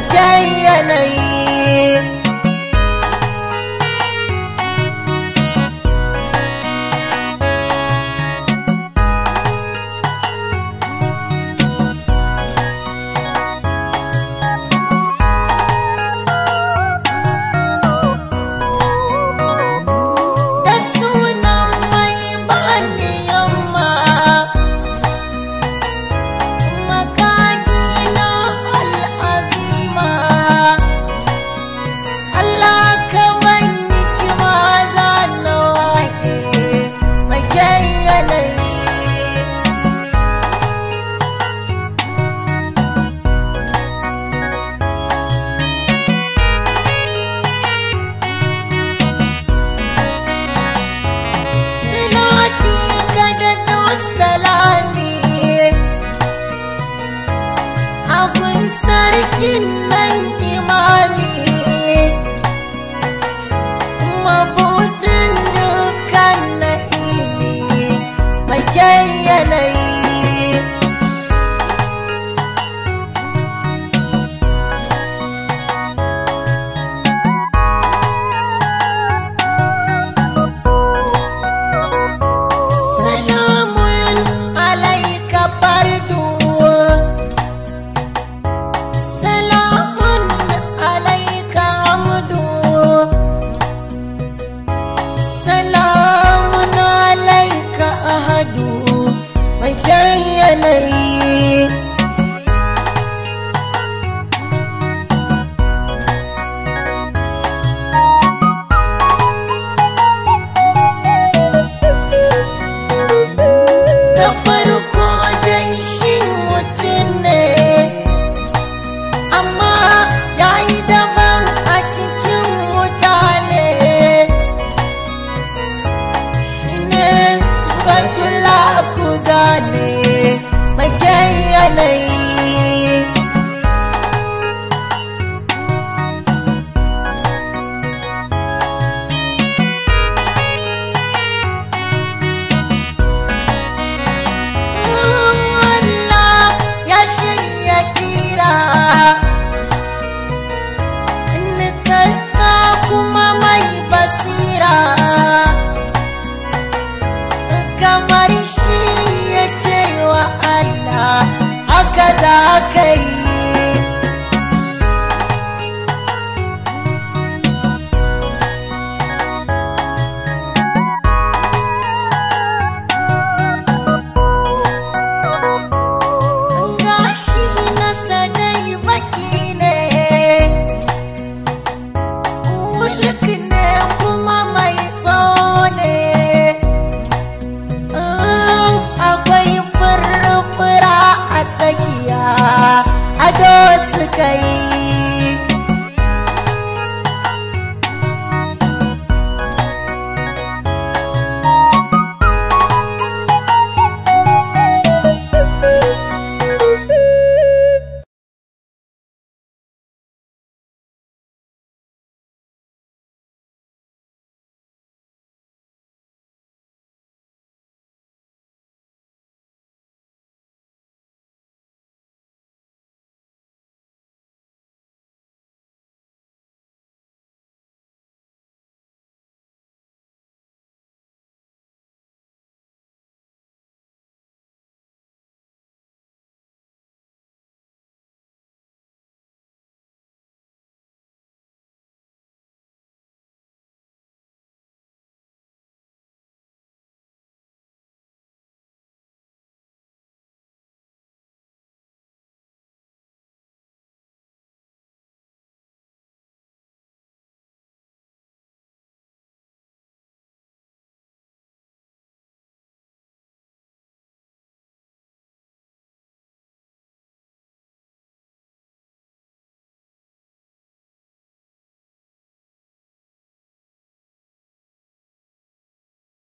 kai anai What's kyan này. yanayi suka yi